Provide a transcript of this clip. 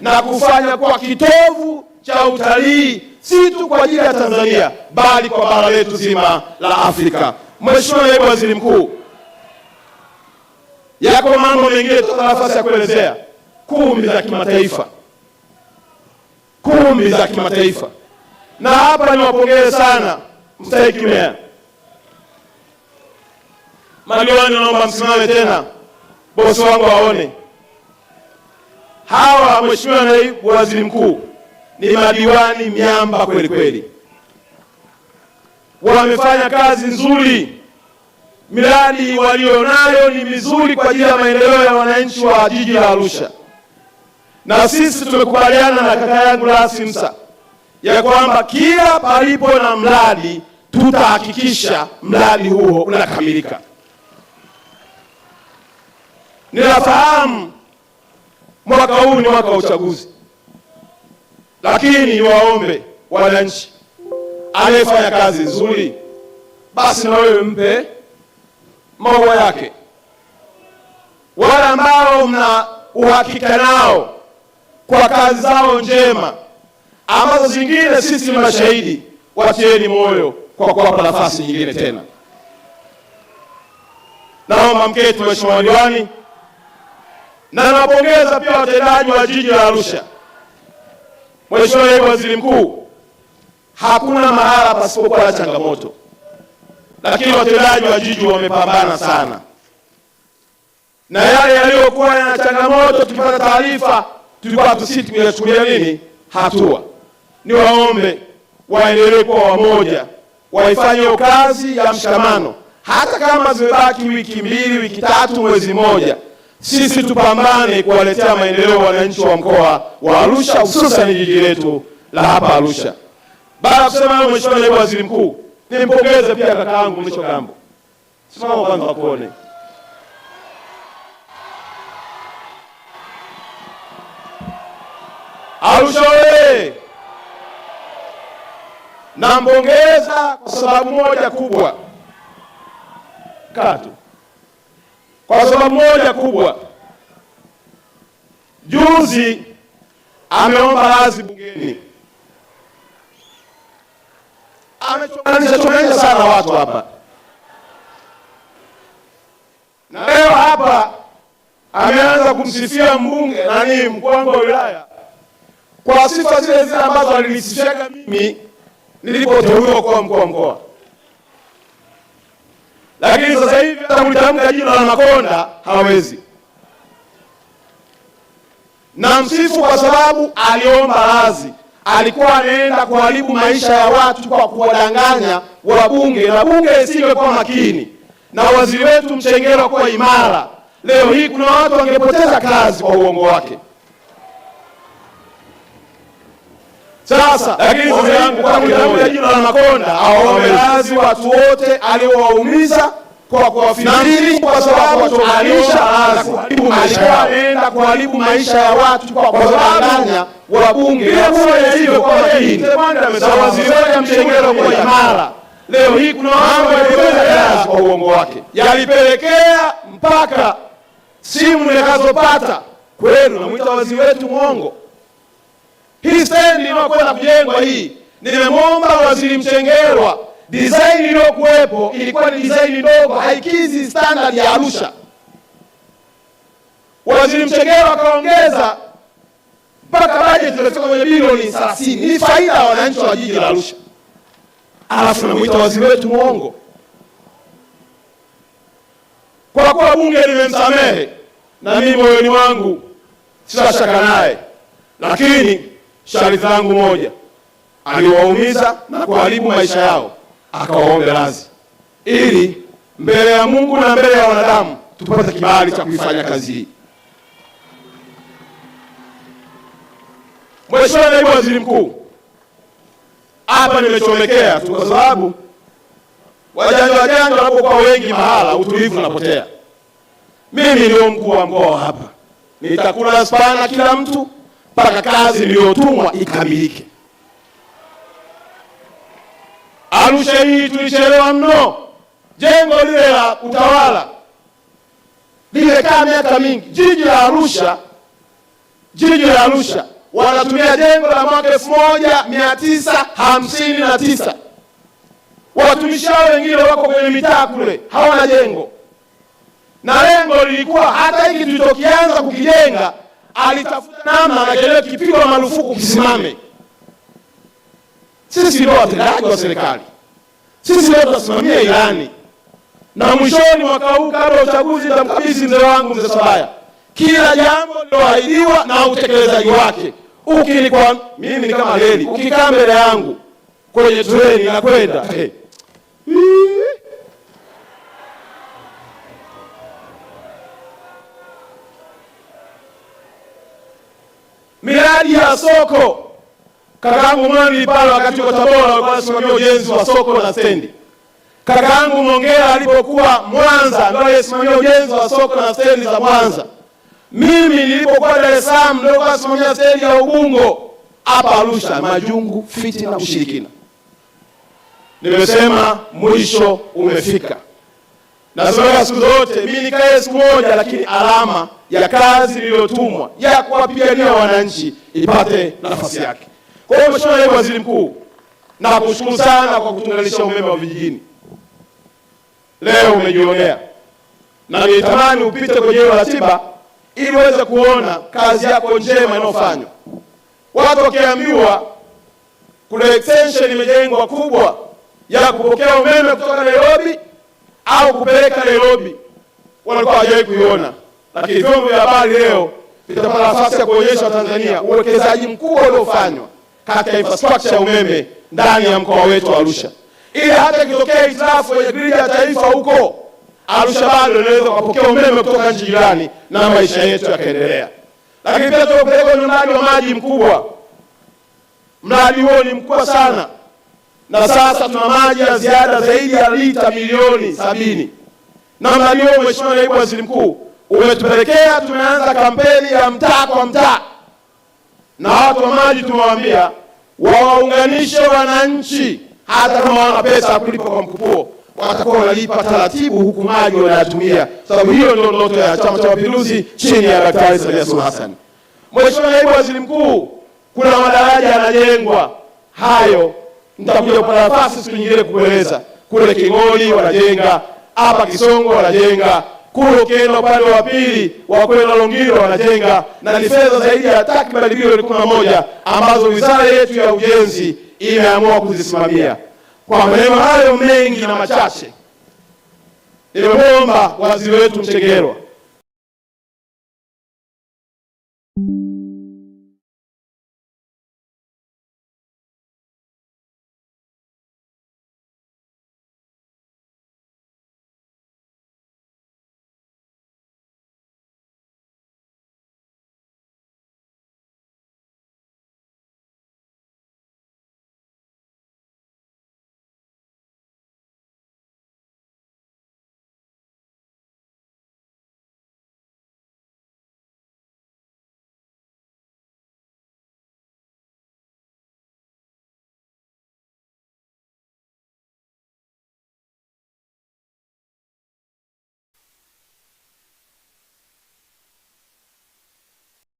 na kufanya kwa kitovu cha utalii si tu kwa ajili ya Tanzania bali kwa bara letu zima la Afrika. Mheshimiwa Naibu Waziri Mkuu, yako mambo mengine tuna nafasi ya kuelezea. Kumbi za kimataifa, kumbi za kimataifa, na hapa niwapongeze sana mstahiki meya. Madiwani, naomba msimame tena, bosi wangu aone hawa, Mheshimiwa Naibu Waziri Mkuu, ni madiwani miamba kweli kweli, wamefanya kazi nzuri. Miradi walionayo ni mizuri kwa ajili ya maendeleo ya wananchi wa jiji la Arusha, na sisi tumekubaliana na kaka yangu msa ya kwamba kila palipo na mradi tutahakikisha mradi huo unakamilika. Ninafahamu Mwaka huu ni mwaka wa uchaguzi, lakini niwaombe wananchi, anayefanya kazi nzuri basi na wewe mpe maua yake. Wale ambao mna uhakika nao kwa kazi zao njema ambazo zingine sisi ni mashahidi, watieni moyo kwa kuwapa nafasi nyingine tena. Naomba mketi, mheshimiwa diwani na nawapongeza pia watendaji wa jiji la Arusha. Mheshimiwa Naibu Waziri Mkuu, hakuna mahala pasipokuwa na changamoto, lakini watendaji wa jiji wamepambana sana, na yale yaliyokuwa yana changamoto tukipata taarifa tulikuwa tusiti kuyachukulia nini hatua. waombe waendelee kuwa wamoja, waifanye kazi ya mshikamano, hata kama zimebaki wiki mbili, wiki tatu, mwezi mmoja sisi tupambane kuwaletea maendeleo wananchi wa mkoa wa Arusha, hususani jiji letu la hapa Arusha. Baada ya kusema hayo, Mheshimiwa Naibu Waziri Mkuu, nimpongeze pia kaka yangu Mrisho Gambo. Simama kwanza wakuone. Arusha oye! Nampongeza kwa sababu moja kubwa katu kwa sababu moja kubwa. Juzi ameomba radhi bungeni, amechomanisha chomanisha sana watu hapa, na leo hapa ameanza kumsifia mbunge nani, mkuu wangu wa wilaya kwa sifa zile zile ambazo alinisifishaga mimi nilipoteuliwa kuwa mkuu wa mkoa lakini sasa hivi hata kulitamka jina la Makonda hawezi. Na msifu kwa sababu aliomba radhi, alikuwa anaenda kuharibu maisha ya watu kwa kuwadanganya wabunge, na bunge kwa makini na waziri wetu Mchengerwa kuwa imara, leo hii kuna watu wangepoteza kazi kwa uongo wake. Sasa lakini kwa jina la Makonda awamelazi watu wote aliowaumiza kwa kuwafinadili kwa sababu alishaenda kuharibu maisha ya watu kwa kuwadanganya wabunge wa mshengero kwa imara. Leo hii kuna mambo yalikwenda kwa uongo wake, yalipelekea mpaka simu nikazopata kwenu, namwita waziri wetu mwongo hii stendi inayokwenda kujengwa hii, nimemwomba Waziri Mchengerwa, design iliyokuwepo ilikuwa ni design ndogo, haikizi standard ya Arusha. Waziri Mchengerwa akaongeza mpaka bajeti imefika kwenye bilioni 30. Ni faida ya wananchi wa jiji la Arusha, alafu namuita waziri wetu mwongo. Kwa kuwa bunge limemsamehe na mimi moyoni mwangu sitashaka naye, lakini sharif langu moja aliwaumiza na kuharibu maisha yao, akawaombe radhi ili mbele ya Mungu na mbele ya wanadamu tupate kibali cha kuifanya kazi hii. Mheshimiwa Naibu Waziri Mkuu, hapa nimechomekea tu kwa sababu wajanja wajanja wanapokuwa wengi mahala utulivu unapotea. Mimi ndio mkuu wa mkoa hapa, nitakula spana kila mtu mpaka kazi iliyotumwa ikamilike. Arusha hii tulichelewa mno. Jengo lile la utawala lilikaa miaka mingi. Jiji la Arusha, jiji la Arusha wanatumia jengo la mwaka elfu moja mia tisa hamsini na tisa. Watumishi hao wengine wako kwenye mitaa kule, hawana jengo, na lengo lilikuwa hata hiki tulichokianza kukijenga alitafuta namna na kipigwa marufuku kisimame. Sisi ndio watendaji wa serikali, sisi ndio tunasimamia ilani. Na mwishoni mwaka huu kabla ya uchaguzi, nitamkabidhi mzee wangu mzee Sabaya kila jambo liloahidiwa na utekelezaji wake. Ukinikwa mimi ni kama reli, ukikaa mbele yangu kwenye treni nakwenda hey. miradi ya soko. Kakaangu Mwandi pale wakati uko Tabora alikuwa anasimamia ujenzi wa soko na stendi. Kakaangu Mongea alipokuwa Mwanza ndio alisimamia ujenzi wa soko na stendi za Mwanza. Mimi nilipokuwa Dar es Salaam ndio nilikuwa nasimamia stendi ya Ubungo hapa Arusha, majungu, na ushirikina. Nimesema mwisho umefika. Nasomeka siku zote, mimi nikae siku moja, lakini alama ya kazi iliyotumwa ya kuwapigania wananchi ipate nafasi yake. Kwa hiyo, Mheshimiwa Naibu Waziri Mkuu, nakushukuru sana kwa kutunganisha umeme wa vijijini. Leo umejionea na nitamani upite kwenye hiyo ratiba ili uweze kuona kazi yako njema inayofanywa. Watu wakiambiwa kuna extension imejengwa kubwa ya kupokea umeme kutoka Nairobi au kupeleka Nairobi, walikuwa hawajawahi kuiona, lakini vyombo vya habari leo vitapata nafasi ya kuonyesha Watanzania uwekezaji mkubwa uliofanywa katika infrastructure ya umeme ndani ya mkoa wetu wa Arusha, ili hata ikitokea hitilafu kwenye gridi ya taifa huko Arusha, bado inaweza kupokea umeme kutoka nchi jirani na maisha yetu yakaendelea. Lakini pia tunapeleka kwenye mradi wa maji mkubwa. Mradi huo ni mkubwa sana na sasa tuna maji ya ziada zaidi ya lita milioni sabini. Namna hiyo, Mheshimiwa Naibu Waziri Mkuu, umetupelekea tumeanza kampeni ya mtaa kwa mtaa, na watu wa maji tumewaambia wawaunganishe wananchi, hata kama wana pesa ya kulipa kwa mkupuo watakuwa wanalipa taratibu, huku maji wanayatumia, sababu hiyo ndio ndoto ya Chama cha Mapinduzi chini ya Daktari Samia Suluhu Hassan. Mheshimiwa Naibu Waziri Mkuu, kuna madaraja yanajengwa hayo nitakuja kupata nafasi siku nyingine kueleza Kule King'oli wanajenga, hapa Kisongo wanajenga, kule ukienda upande wa pili wa kwenda Longiro wanajenga, na ni fedha zaidi ya takribani bilioni kumi na moja ambazo wizara yetu ya ujenzi imeamua kuzisimamia. Kwa maneno hayo mengi na machache, nimemwomba waziri wetu Mchengerwa